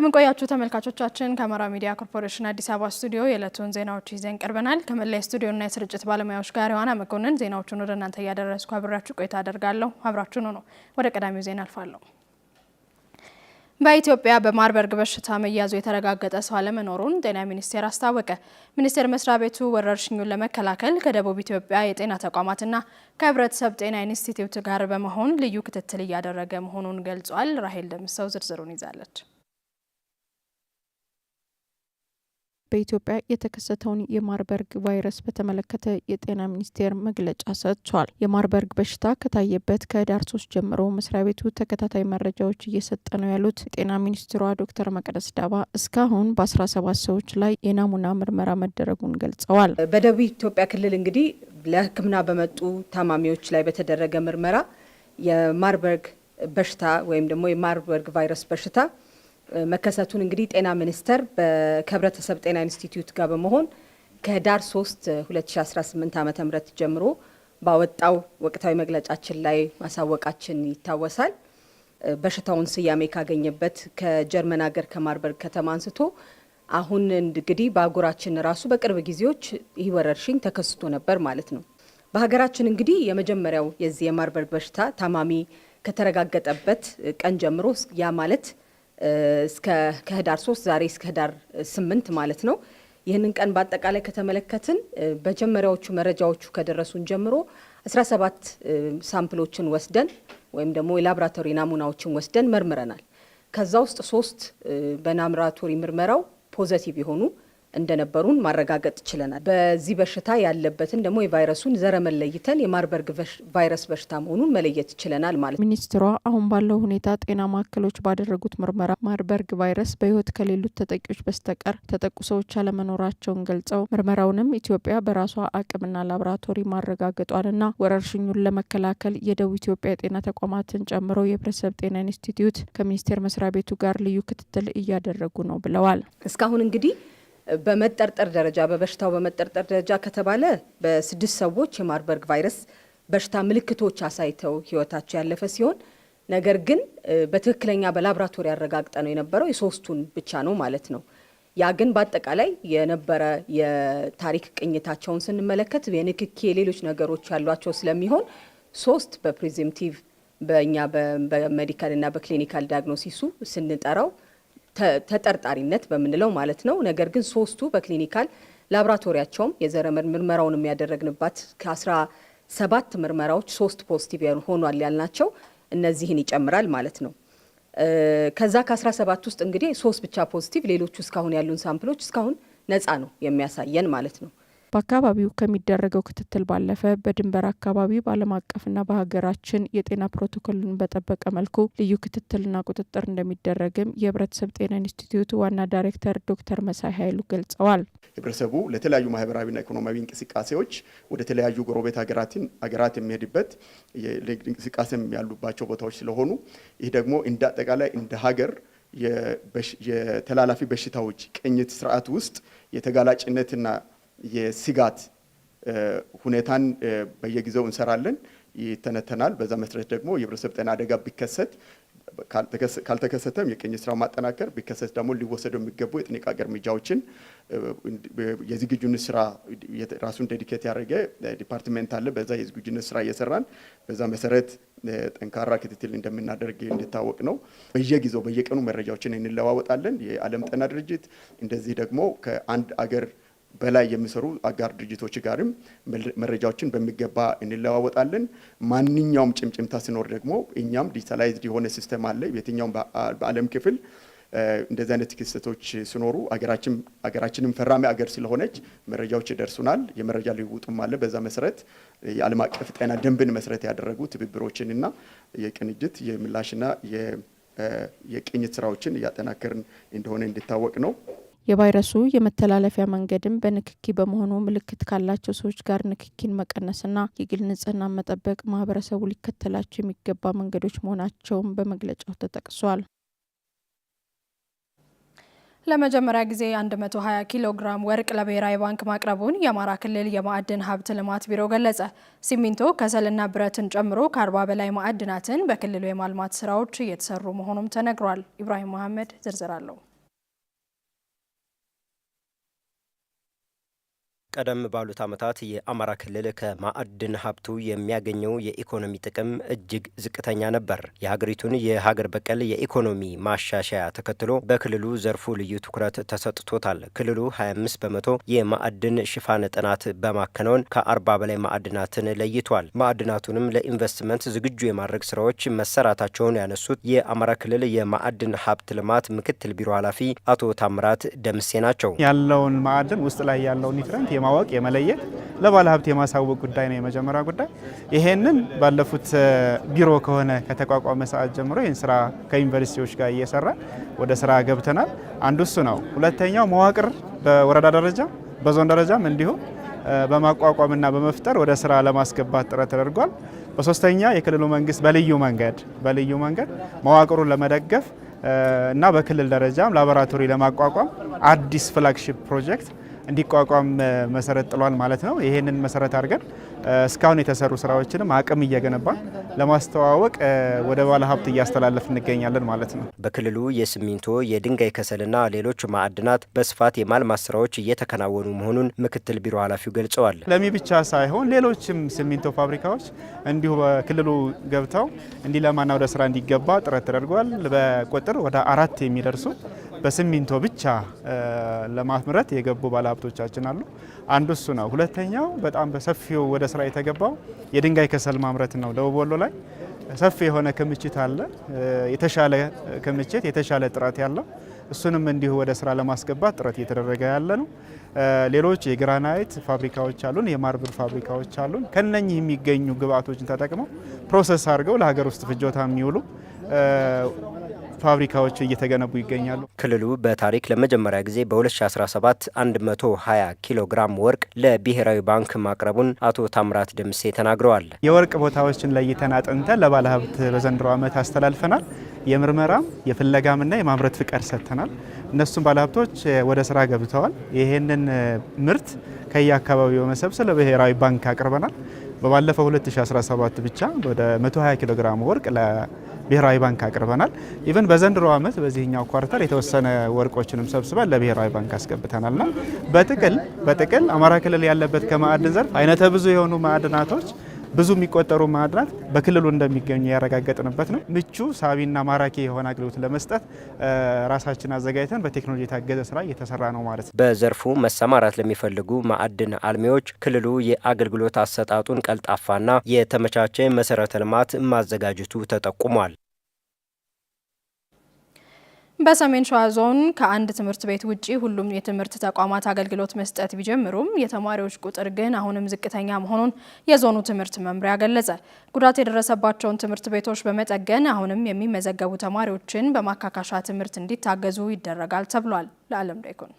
እንደምንቆያችሁ ተመልካቾቻችን፣ ከአማራ ሚዲያ ኮርፖሬሽን አዲስ አበባ ስቱዲዮ የዕለቱን ዜናዎች ይዘን ቀርበናል። ከመላይ ስቱዲዮና የስርጭት ባለሙያዎች ጋር የዋና መኮንን ዜናዎቹን ወደ እናንተ እያደረስኩ አብራችሁ ቆይታ አደርጋለሁ። አብራችሁን ሆኖ ወደ ቀዳሚው ዜና አልፋለሁ። በኢትዮጵያ በማርበርግ በሽታ መያዙ የተረጋገጠ ሰው አለመኖሩን ጤና ሚኒስቴር አስታወቀ። ሚኒስቴር መስሪያ ቤቱ ወረርሽኙን ለመከላከል ከደቡብ ኢትዮጵያ የጤና ተቋማትና ከህብረተሰብ ጤና ኢንስቲትዩት ጋር በመሆን ልዩ ክትትል እያደረገ መሆኑን ገልጿል። ራሄል ደምሰው ዝርዝሩን ይዛለች። በኢትዮጵያ የተከሰተውን የማርበርግ ቫይረስ በተመለከተ የጤና ሚኒስቴር መግለጫ ሰጥቷል። የማርበርግ በሽታ ከታየበት ከህዳር ሶስት ጀምሮ መስሪያ ቤቱ ተከታታይ መረጃዎች እየሰጠ ነው ያሉት የጤና ሚኒስትሯ ዶክተር መቅደስ ዳባ እስካሁን በአስራ ሰባት ሰዎች ላይ የናሙና ምርመራ መደረጉን ገልጸዋል። በደቡብ ኢትዮጵያ ክልል እንግዲህ ለሕክምና በመጡ ታማሚዎች ላይ በተደረገ ምርመራ የማርበርግ በሽታ ወይም ደግሞ የማርበርግ ቫይረስ በሽታ መከሰቱን እንግዲህ ጤና ሚኒስቴር ከህብረተሰብ ጤና ኢንስቲትዩት ጋር በመሆን ከህዳር 3 2018 ዓ ም ጀምሮ ባወጣው ወቅታዊ መግለጫችን ላይ ማሳወቃችን ይታወሳል። በሽታውን ስያሜ ካገኘበት ከጀርመን ሀገር ከማርበርግ ከተማ አንስቶ አሁን እንግዲህ በአህጉራችን ራሱ በቅርብ ጊዜዎች ይህ ወረርሽኝ ተከስቶ ነበር ማለት ነው። በሀገራችን እንግዲህ የመጀመሪያው የዚህ የማርበርግ በሽታ ታማሚ ከተረጋገጠበት ቀን ጀምሮ ያ ማለት እስከ ከህዳር 3 ዛሬ እስከ ህዳር 8 ማለት ነው። ይህንን ቀን በአጠቃላይ ከተመለከትን በጀመሪያዎቹ መረጃዎቹ ከደረሱን ጀምሮ 17 ሳምፕሎችን ወስደን ወይም ደግሞ የላብራቶሪ ናሙናዎችን ወስደን መርምረናል። ከዛ ውስጥ ሶስት በናምራቶሪ ምርመራው ፖዘቲቭ የሆኑ እንደነበሩን ማረጋገጥ ችለናል። በዚህ በሽታ ያለበትን ደግሞ የቫይረሱን ዘረመን ለይተን የማርበርግ ቫይረስ በሽታ መሆኑን መለየት ችለናል ማለት። ሚኒስትሯ አሁን ባለው ሁኔታ ጤና ማዕከሎች ባደረጉት ምርመራ ማርበርግ ቫይረስ በሕይወት ከሌሉት ተጠቂዎች በስተቀር ተጠቁ ሰዎች አለመኖራቸውን ገልጸው ምርመራውንም ኢትዮጵያ በራሷ አቅምና ላብራቶሪ ማረጋገጧንና ወረርሽኙን ለመከላከል የደቡብ ኢትዮጵያ የጤና ተቋማትን ጨምሮ የህብረተሰብ ጤና ኢንስቲትዩት ከሚኒስቴር መስሪያ ቤቱ ጋር ልዩ ክትትል እያደረጉ ነው ብለዋል። እስካሁን እንግዲህ በመጠርጠር ደረጃ በበሽታው በመጠርጠር ደረጃ ከተባለ በስድስት ሰዎች የማርበርግ ቫይረስ በሽታ ምልክቶች አሳይተው ህይወታቸው ያለፈ ሲሆን ነገር ግን በትክክለኛ በላብራቶሪ ያረጋግጠ ነው የነበረው የሶስቱን ብቻ ነው ማለት ነው። ያ ግን በአጠቃላይ የነበረ የታሪክ ቅኝታቸውን ስንመለከት የንክኪ የሌሎች ነገሮች ያሏቸው ስለሚሆን ሶስት በፕሪዚምቲቭ በእኛ በሜዲካል እና በክሊኒካል ዲያግኖሲሱ ስንጠራው ተጠርጣሪነት በምንለው ማለት ነው። ነገር ግን ሶስቱ በክሊኒካል ላብራቶሪያቸውም የዘረመል ምርመራውን የሚያደረግንባት ከአስራ ሰባት ምርመራዎች ሶስት ፖዚቲቭ ሆኗል ያልናቸው እነዚህን ይጨምራል ማለት ነው። ከዛ ከ17 ውስጥ እንግዲህ ሶስት ብቻ ፖዚቲቭ፣ ሌሎቹ እስካሁን ያሉን ሳምፕሎች እስካሁን ነፃ ነው የሚያሳየን ማለት ነው። በአካባቢው ከሚደረገው ክትትል ባለፈ በድንበር አካባቢ በዓለም አቀፍና በሀገራችን የጤና ፕሮቶኮልን በጠበቀ መልኩ ልዩ ክትትልና ቁጥጥር እንደሚደረግም የህብረተሰብ ጤና ኢንስቲትዩት ዋና ዳይሬክተር ዶክተር መሳይ ኃይሉ ገልጸዋል። ህብረተሰቡ ለተለያዩ ማህበራዊና ኢኮኖሚያዊ እንቅስቃሴዎች ወደ ተለያዩ ጎረቤት ሀገራትን ሀገራት የሚሄድበት የንግድ እንቅስቃሴም ያሉባቸው ቦታዎች ስለሆኑ ይህ ደግሞ እንደ አጠቃላይ እንደ ሀገር የተላላፊ በሽታዎች ቅኝት ስርዓት ውስጥ የተጋላጭነትና የስጋት ሁኔታን በየጊዜው እንሰራለን፣ ይተነተናል። በዛ መሰረት ደግሞ የህብረተሰብ ጤና አደጋ ቢከሰት ካልተከሰተም የቅኝ ስራ ማጠናከር፣ ቢከሰት ደግሞ ሊወሰዱ የሚገቡ የጥንቃቄ እርምጃዎችን የዝግጁነት ስራ ራሱን ዴዲኬት ያደረገ ዲፓርትሜንት አለ። በዛ የዝግጁነት ስራ እየሰራን በዛ መሰረት ጠንካራ ክትትል እንደምናደርግ እንድታወቅ ነው። በየጊዜው በየቀኑ መረጃዎችን እንለዋወጣለን። የዓለም ጤና ድርጅት እንደዚህ ደግሞ ከአንድ አገር በላይ የሚሰሩ አጋር ድርጅቶች ጋርም መረጃዎችን በሚገባ እንለዋወጣለን። ማንኛውም ጭምጭምታ ሲኖር ደግሞ እኛም ዲጂታላይዝድ የሆነ ሲስተም አለ። የትኛውም በዓለም ክፍል እንደዚህ አይነት ክስተቶች ሲኖሩ አገራችንም ፈራሚ አገር ስለሆነች መረጃዎች ይደርሱናል። የመረጃ ልውውጡም አለ። በዛ መሰረት የዓለም አቀፍ ጤና ደንብን መሰረት ያደረጉ ትብብሮችንና የቅንጅት የምላሽና የቅኝት ስራዎችን እያጠናከርን እንደሆነ እንዲታወቅ ነው። የቫይረሱ የመተላለፊያ መንገድም በንክኪ በመሆኑ ምልክት ካላቸው ሰዎች ጋር ንክኪን መቀነስና የግል ንጽህና መጠበቅ ማህበረሰቡ ሊከተላቸው የሚገባ መንገዶች መሆናቸውን በመግለጫው ተጠቅሷል። ለመጀመሪያ ጊዜ 120 ኪሎ ግራም ወርቅ ለብሔራዊ ባንክ ማቅረቡን የአማራ ክልል የማዕድን ሀብት ልማት ቢሮ ገለጸ። ሲሚንቶ፣ ከሰልና ብረትን ጨምሮ ከ40 በላይ ማዕድናትን በክልሉ የማልማት ስራዎች እየተሰሩ መሆኑም ተነግሯል። ኢብራሂም መሐመድ ዝርዝር አለው። ቀደም ባሉት ዓመታት የአማራ ክልል ከማዕድን ሀብቱ የሚያገኘው የኢኮኖሚ ጥቅም እጅግ ዝቅተኛ ነበር። የሀገሪቱን የሀገር በቀል የኢኮኖሚ ማሻሻያ ተከትሎ በክልሉ ዘርፉ ልዩ ትኩረት ተሰጥቶታል። ክልሉ 25 በመቶ የማዕድን ሽፋን ጥናት በማከናወን ከ40 በላይ ማዕድናትን ለይቷል። ማዕድናቱንም ለኢንቨስትመንት ዝግጁ የማድረግ ስራዎች መሰራታቸውን ያነሱት የአማራ ክልል የማዕድን ሀብት ልማት ምክትል ቢሮ ኃላፊ አቶ ታምራት ደምሴ ናቸው። ያለውን ማዕድን ውስጥ ላይ ያለውን ኒትረንት የማወቅ የመለየት ለባለ ሀብት የማሳወቅ ጉዳይ ነው የመጀመሪያ ጉዳይ። ይሄንን ባለፉት ቢሮ ከሆነ ከተቋቋመ ሰዓት ጀምሮ ይህን ስራ ከዩኒቨርሲቲዎች ጋር እየሰራ ወደ ስራ ገብተናል። አንዱ እሱ ነው። ሁለተኛው መዋቅር በወረዳ ደረጃ በዞን ደረጃም እንዲሁም በማቋቋምና በመፍጠር ወደ ስራ ለማስገባት ጥረት ተደርጓል። በሶስተኛ የክልሉ መንግስት በልዩ መንገድ በልዩ መንገድ መዋቅሩን ለመደገፍ እና በክልል ደረጃም ላቦራቶሪ ለማቋቋም አዲስ ፍላግሺፕ ፕሮጀክት እንዲቋቋም መሰረት ጥሏል ማለት ነው። ይህንን መሰረት አድርገን እስካሁን የተሰሩ ስራዎችንም አቅም እየገነባን ለማስተዋወቅ ወደ ባለ ሀብት እያስተላለፍ እንገኛለን ማለት ነው። በክልሉ የሲሚንቶ የድንጋይ ከሰልና ሌሎች ማዕድናት በስፋት የማልማት ስራዎች እየተከናወኑ መሆኑን ምክትል ቢሮ ኃላፊው ገልጸዋል። ለሚ ብቻ ሳይሆን ሌሎችም ሲሚንቶ ፋብሪካዎች እንዲሁ በክልሉ ገብተው እንዲለማና ወደ ስራ እንዲገባ ጥረት ተደርጓል። በቁጥር ወደ አራት የሚደርሱ በሲሚንቶ ብቻ ለማምረት የገቡ ባለሀብቶቻችን አሉ። አንዱ እሱ ነው። ሁለተኛው በጣም በሰፊው ወደ ስራ የተገባው የድንጋይ ከሰል ማምረት ነው። ደቡብ ወሎ ላይ ሰፊ የሆነ ክምችት አለ። የተሻለ ክምችት፣ የተሻለ ጥራት ያለው እሱንም እንዲሁ ወደ ስራ ለማስገባት ጥረት እየተደረገ ያለ ነው። ሌሎች የግራናይት ፋብሪካዎች አሉን፣ የማርብር ፋብሪካዎች አሉን። ከነኚህ የሚገኙ ግብአቶችን ተጠቅመው ፕሮሰስ አድርገው ለሀገር ውስጥ ፍጆታ የሚውሉ ፋብሪካዎች እየተገነቡ ይገኛሉ። ክልሉ በታሪክ ለመጀመሪያ ጊዜ በ2017 120 ኪሎ ግራም ወርቅ ለብሔራዊ ባንክ ማቅረቡን አቶ ታምራት ደምሴ ተናግረዋል። የወርቅ ቦታዎችን ለይተን አጥንተን ለባለሀብት በዘንድሮ ዓመት አስተላልፈናል። የምርመራም የፍለጋምና የማምረት ፍቃድ ሰጥተናል። እነሱም ባለሀብቶች ወደ ስራ ገብተዋል። ይህንን ምርት ከየአካባቢው በመሰብሰብ ለብሔራዊ ባንክ አቅርበናል። በባለፈው 2017 ብቻ ወደ 120 ኪሎ ግራም ወርቅ ብሔራዊ ባንክ አቅርበናል። ኢቨን በዘንድሮ ዓመት በዚህኛው ኳርተር የተወሰነ ወርቆችንም ሰብስበን ለብሔራዊ ባንክ አስገብተናልና በጥቅል በጥቅል አማራ ክልል ያለበት ከማዕድን ዘርፍ አይነተ ብዙ የሆኑ ማዕድናቶች ብዙ የሚቆጠሩ ማዕድናት በክልሉ እንደሚገኙ ያረጋገጥንበት ነው። ምቹ ሳቢና ማራኪ የሆነ አገልግሎት ለመስጠት ራሳችን አዘጋጅተን በቴክኖሎጂ የታገዘ ስራ እየተሰራ ነው ማለት ነው። በዘርፉ መሰማራት ለሚፈልጉ ማዕድን አልሚዎች ክልሉ የአገልግሎት አሰጣጡን ቀልጣፋና የተመቻቸ መሰረተ ልማት ማዘጋጀቱ ተጠቁሟል። በሰሜን ሸዋ ዞን ከአንድ ትምህርት ቤት ውጪ ሁሉም የትምህርት ተቋማት አገልግሎት መስጠት ቢጀምሩም የተማሪዎች ቁጥር ግን አሁንም ዝቅተኛ መሆኑን የዞኑ ትምህርት መምሪያ ገለጸ። ጉዳት የደረሰባቸውን ትምህርት ቤቶች በመጠገን አሁንም የሚመዘገቡ ተማሪዎችን በማካካሻ ትምህርት እንዲታገዙ ይደረጋል ተብሏል። ለዓለም ዳይኮን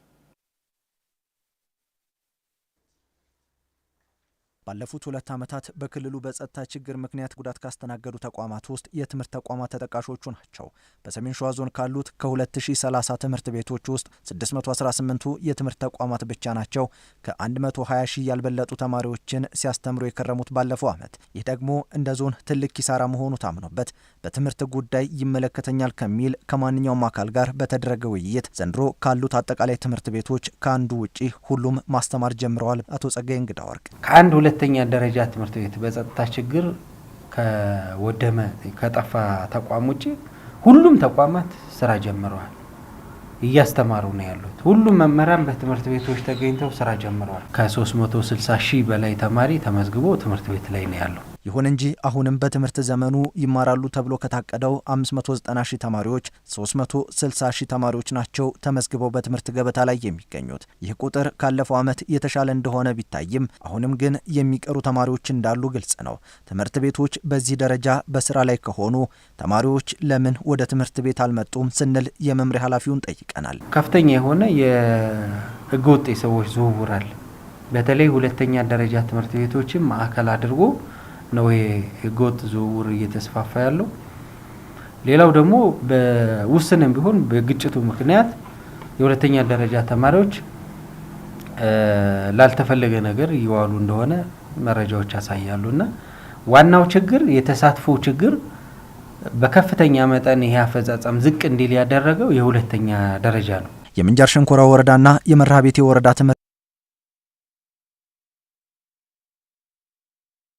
ባለፉት ሁለት ዓመታት በክልሉ በጸጥታ ችግር ምክንያት ጉዳት ካስተናገዱ ተቋማት ውስጥ የትምህርት ተቋማት ተጠቃሾቹ ናቸው። በሰሜን ሸዋ ዞን ካሉት ከ2030 ትምህርት ቤቶች ውስጥ 618ቱ የትምህርት ተቋማት ብቻ ናቸው ከ120 ሺህ ያልበለጡ ተማሪዎችን ሲያስተምሩ የከረሙት ባለፈው ዓመት። ይህ ደግሞ እንደ ዞን ትልቅ ኪሳራ መሆኑ ታምኖበት በትምህርት ጉዳይ ይመለከተኛል ከሚል ከማንኛውም አካል ጋር በተደረገ ውይይት ዘንድሮ ካሉት አጠቃላይ ትምህርት ቤቶች ከአንዱ ውጪ ሁሉም ማስተማር ጀምረዋል። አቶ ጸጋይ እንግዳ ወርቅ ከአንድ ሁለት ሁለተኛ ደረጃ ትምህርት ቤት በጸጥታ ችግር ከወደመ ከጠፋ ተቋም ውጭ ሁሉም ተቋማት ስራ ጀምረዋል፣ እያስተማሩ ነው ያሉት። ሁሉም መምህራን በትምህርት ቤቶች ተገኝተው ስራ ጀምረዋል። ከ360 ሺህ በላይ ተማሪ ተመዝግቦ ትምህርት ቤት ላይ ነው ያለው። ይሁን እንጂ አሁንም በትምህርት ዘመኑ ይማራሉ ተብሎ ከታቀደው 590 ሺህ ተማሪዎች 360 ሺህ ተማሪዎች ናቸው ተመዝግበው በትምህርት ገበታ ላይ የሚገኙት። ይህ ቁጥር ካለፈው ዓመት የተሻለ እንደሆነ ቢታይም አሁንም ግን የሚቀሩ ተማሪዎች እንዳሉ ግልጽ ነው። ትምህርት ቤቶች በዚህ ደረጃ በስራ ላይ ከሆኑ ተማሪዎች ለምን ወደ ትምህርት ቤት አልመጡም ስንል የመምሪያ ኃላፊውን ጠይቀናል። ከፍተኛ የሆነ የህገወጥ የሰዎች ዝውውር አለ። በተለይ ሁለተኛ ደረጃ ትምህርት ቤቶችን ማዕከል አድርጎ ነው ይሄ ህገወጥ ዝውውር እየተስፋፋ ያለው። ሌላው ደግሞ በውስንም ቢሆን በግጭቱ ምክንያት የሁለተኛ ደረጃ ተማሪዎች ላልተፈለገ ነገር እየዋሉ እንደሆነ መረጃዎች ያሳያሉ እና ዋናው ችግር የተሳትፎ ችግር በከፍተኛ መጠን ይሄ አፈጻጸም ዝቅ እንዲል ያደረገው የሁለተኛ ደረጃ ነው። የምንጃር ሸንኮራ ወረዳና የመርሃ ቤቴ ወረዳ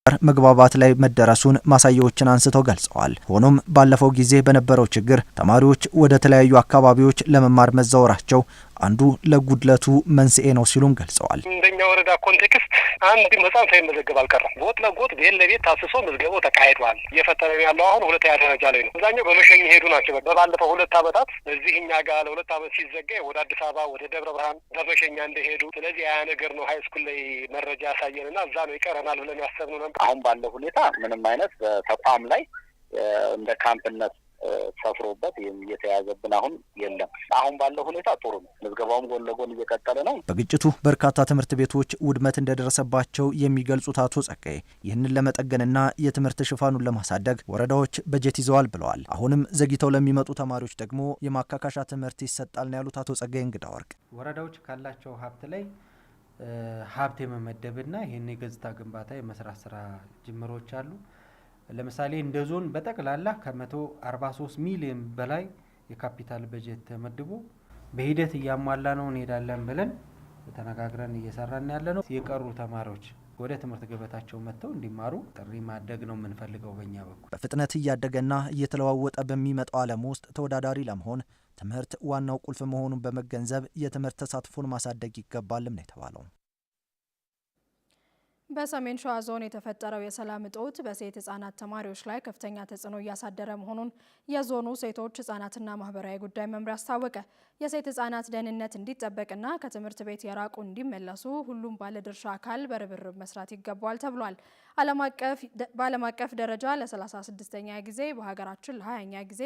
ጋር መግባባት ላይ መደረሱን ማሳያዎችን አንስተው ገልጸዋል። ሆኖም ባለፈው ጊዜ በነበረው ችግር ተማሪዎች ወደ ተለያዩ አካባቢዎች ለመማር መዛወራቸው አንዱ ለጉድለቱ መንስኤ ነው ሲሉም ገልጸዋል። እንደኛ ወረዳ ኮንቴክስት አንድ ህጻን ሳይመዘገብ አልቀረም። ጎጥ ለጎጥ ቤት ለቤት ታስሶ ምዝገባው ተካሂዷል። እየፈተነ ያለው አሁን ሁለተኛ ደረጃ ላይ ነው። አብዛኛው በመሸኝ ሄዱ ናቸው። በባለፈው ሁለት አመታት እዚህ እኛ ጋር ለሁለት አመት ሲዘጋ ወደ አዲስ አበባ ወደ ደብረ ብርሃን በመሸኛ እንደሄዱ ስለዚህ ያ ነገር ነው ሀይስኩል ላይ መረጃ ያሳየንና እዛ ነው ይቀረናል ብለን ያሰብነው ነበር። አሁን ባለው ሁኔታ ምንም አይነት ተቋም ላይ እንደ ካምፕነት ሰፍሮበት ይህም እየተያዘብን አሁን የለም። አሁን ባለው ሁኔታ ጥሩ ነው። ምዝገባውም ጎን ለጎን እየቀጠለ ነው። በግጭቱ በርካታ ትምህርት ቤቶች ውድመት እንደደረሰባቸው የሚገልጹት አቶ ጸጋዬ ይህንን ለመጠገንና የትምህርት ሽፋኑን ለማሳደግ ወረዳዎች በጀት ይዘዋል ብለዋል። አሁንም ዘግይተው ለሚመጡ ተማሪዎች ደግሞ የማካካሻ ትምህርት ይሰጣል ነው ያሉት አቶ ጸጋዬ እንግዳ ወርቅ ወረዳዎች ካላቸው ሀብት ላይ ሀብት የመመደብና ይህን የገጽታ ግንባታ የመስራት ስራ ጅምሮች አሉ። ለምሳሌ እንደ ዞን በጠቅላላ ከ143 ሚሊዮን በላይ የካፒታል በጀት ተመድቦ በሂደት እያሟላ ነው እንሄዳለን ብለን ተነጋግረን እየሰራን ያለ ነው። የቀሩ ተማሪዎች ወደ ትምህርት ገበታቸው መጥተው እንዲማሩ ጥሪ ማድረግ ነው የምንፈልገው በእኛ በኩል። በፍጥነት እያደገና እየተለዋወጠ በሚመጣው ዓለም ውስጥ ተወዳዳሪ ለመሆን ትምህርት ዋናው ቁልፍ መሆኑን በመገንዘብ የትምህርት ተሳትፎን ማሳደግ ይገባልም ነው የተባለው። በሰሜን ሸዋ ዞን የተፈጠረው የሰላም እጦት በሴት ህጻናት ተማሪዎች ላይ ከፍተኛ ተጽዕኖ እያሳደረ መሆኑን የዞኑ ሴቶች ህጻናትና ማህበራዊ ጉዳይ መምሪያ አስታወቀ። የሴት ህጻናት ደህንነት እንዲጠበቅና ከትምህርት ቤት የራቁ እንዲመለሱ ሁሉም ባለድርሻ አካል በርብርብ መስራት ይገባዋል ተብሏል። በዓለም አቀፍ ደረጃ ለ36ኛ ጊዜ በሀገራችን ለ20ኛ ጊዜ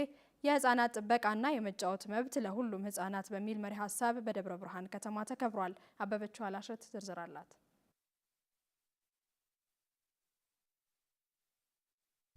የህጻናት ጥበቃና የመጫወት መብት ለሁሉም ህጻናት በሚል መሪ ሀሳብ በደብረ ብርሃን ከተማ ተከብሯል። አበበችው አላሸት ዝርዝር አላት።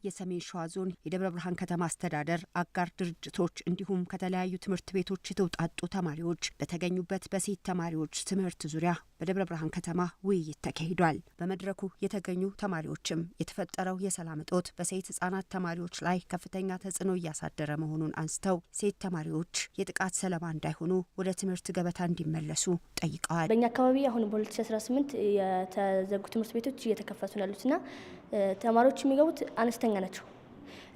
የሰሜን ሸዋ ዞን የደብረ ብርሃን ከተማ አስተዳደር አጋር ድርጅቶች እንዲሁም ከተለያዩ ትምህርት ቤቶች የተውጣጡ ተማሪዎች በተገኙበት በሴት ተማሪዎች ትምህርት ዙሪያ በደብረ ብርሃን ከተማ ውይይት ተካሂዷል። በመድረኩ የተገኙ ተማሪዎችም የተፈጠረው የሰላም እጦት በሴት ህጻናት ተማሪዎች ላይ ከፍተኛ ተጽዕኖ እያሳደረ መሆኑን አንስተው ሴት ተማሪዎች የጥቃት ሰለባ እንዳይሆኑ ወደ ትምህርት ገበታ እንዲመለሱ ጠይቀዋል። በእኛ አካባቢ አሁን በ2018 የተዘጉ ትምህርት ቤቶች እየተከፈቱ ያሉትና ተማሪዎች የሚገቡት አነስተኛ ናቸው።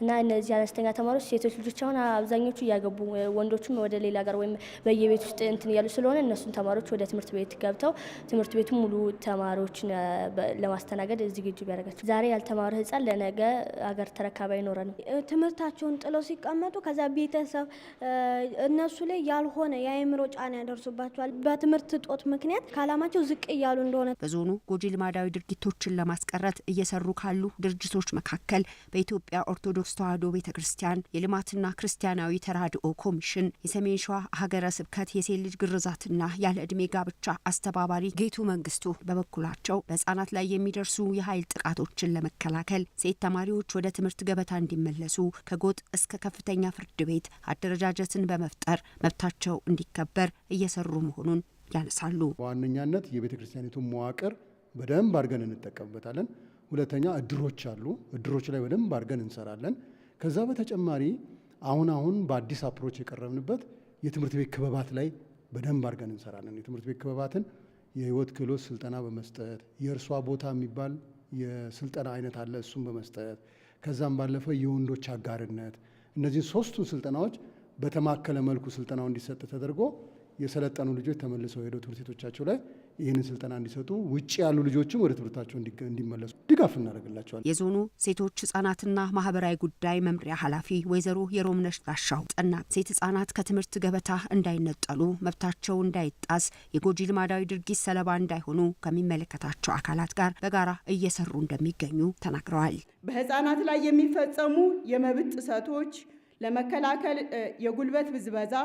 እና እነዚህ አነስተኛ ተማሪዎች ሴቶች ልጆች አሁን አብዛኞቹ እያገቡ ወንዶቹም ወደ ሌላ ሀገር ወይም በየቤት ውስጥ እንትን እያሉ ስለሆነ እነሱን ተማሪዎች ወደ ትምህርት ቤት ገብተው ትምህርት ቤቱ ሙሉ ተማሪዎችን ለማስተናገድ ዝግጁ ቢያደርጋቸው ዛሬ ያልተማረ ህፃን ለነገ አገር ተረካቢ አይኖረንም። ትምህርታቸውን ጥለው ሲቀመጡ ከዛ ቤተሰብ እነሱ ላይ ያልሆነ የአእምሮ ጫና ያደርሱባቸዋል። በትምህርት እጦት ምክንያት ከአላማቸው ዝቅ እያሉ እንደሆነ በዞኑ ጎጂ ልማዳዊ ድርጊቶችን ለማስቀረት እየሰሩ ካሉ ድርጅቶች መካከል በኢትዮጵያ ኦርቶዶክስ ተዋሕዶ ቤተ ክርስቲያን የልማትና ክርስቲያናዊ ተራድኦ ኮሚሽን፣ የሰሜን ሸዋ ሀገረ ስብከት የሴት ልጅ ግርዛትና ያለ ዕድሜ ጋብቻ አስተባባሪ ጌቱ መንግስቱ በበኩላቸው በህጻናት ላይ የሚደርሱ የኃይል ጥቃቶችን ለመከላከል ሴት ተማሪዎች ወደ ትምህርት ገበታ እንዲመለሱ ከጎጥ እስከ ከፍተኛ ፍርድ ቤት አደረጃጀትን በመፍጠር መብታቸው እንዲከበር እየሰሩ መሆኑን ያነሳሉ። በዋነኛነት የቤተ ክርስቲያኒቱን መዋቅር በደንብ አድርገን እንጠቀምበታለን። ሁለተኛ እድሮች አሉ። እድሮች ላይ በደንብ አድርገን እንሰራለን። ከዛ በተጨማሪ አሁን አሁን በአዲስ አፕሮች የቀረብንበት የትምህርት ቤት ክበባት ላይ በደንብ አድርገን እንሰራለን። የትምህርት ቤት ክበባትን የህይወት ክህሎት ስልጠና በመስጠት የእርሷ ቦታ የሚባል የስልጠና አይነት አለ። እሱን በመስጠት ከዛም ባለፈ የወንዶች አጋርነት፣ እነዚህን ሶስቱን ስልጠናዎች በተማከለ መልኩ ስልጠናው እንዲሰጥ ተደርጎ የሰለጠኑ ልጆች ተመልሰው ሄደው ትምህርት ቤቶቻቸው ላይ ይህንን ስልጠና እንዲሰጡ ውጭ ያሉ ልጆችም ወደ ትምህርታቸው እንዲመለሱ ድጋፍ እናደርግላቸዋል። የዞኑ ሴቶች ህጻናትና ማህበራዊ ጉዳይ መምሪያ ኃላፊ ወይዘሮ የሮምነሽ ጋሻው ጠና ሴት ህጻናት ከትምህርት ገበታ እንዳይነጠሉ፣ መብታቸው እንዳይጣስ፣ የጎጂ ልማዳዊ ድርጊት ሰለባ እንዳይሆኑ ከሚመለከታቸው አካላት ጋር በጋራ እየሰሩ እንደሚገኙ ተናግረዋል። በህጻናት ላይ የሚፈጸሙ የመብት ጥሰቶች ለመከላከል የጉልበት ብዝበዛ፣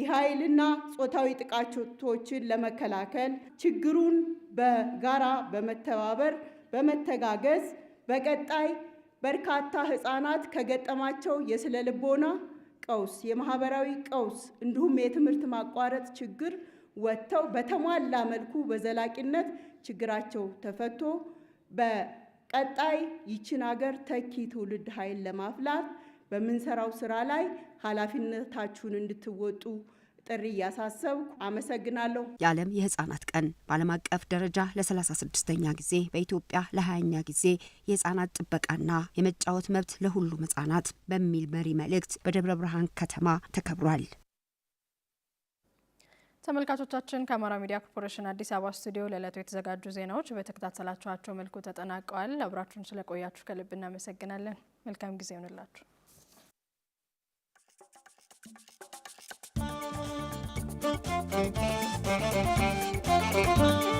የኃይልና ጾታዊ ጥቃቶችን ለመከላከል ችግሩን በጋራ በመተባበር በመተጋገዝ በቀጣይ በርካታ ህፃናት ከገጠማቸው የስነ ልቦና ቀውስ፣ የማህበራዊ ቀውስ እንዲሁም የትምህርት ማቋረጥ ችግር ወጥተው በተሟላ መልኩ በዘላቂነት ችግራቸው ተፈቶ በቀጣይ ይችን ሀገር ተኪ ትውልድ ኃይል ለማፍላት በምንሰራው ስራ ላይ ኃላፊነታችሁን እንድትወጡ ጥሪ እያሳሰብኩ አመሰግናለሁ። የዓለም የህጻናት ቀን በዓለም አቀፍ ደረጃ ለ36ኛ ጊዜ በኢትዮጵያ ለ20ኛ ጊዜ የህጻናት ጥበቃና የመጫወት መብት ለሁሉም ህጻናት በሚል መሪ መልእክት በደብረ ብርሃን ከተማ ተከብሯል። ተመልካቾቻችን ከአማራ ሚዲያ ኮርፖሬሽን አዲስ አበባ ስቱዲዮ ለዕለቱ የተዘጋጁ ዜናዎች በተከታተላችኋቸው መልኩ ተጠናቀዋል። አብራችሁን ስለቆያችሁ ከልብ እናመሰግናለን። መልካም ጊዜ ይሆንላችሁ። Thank you.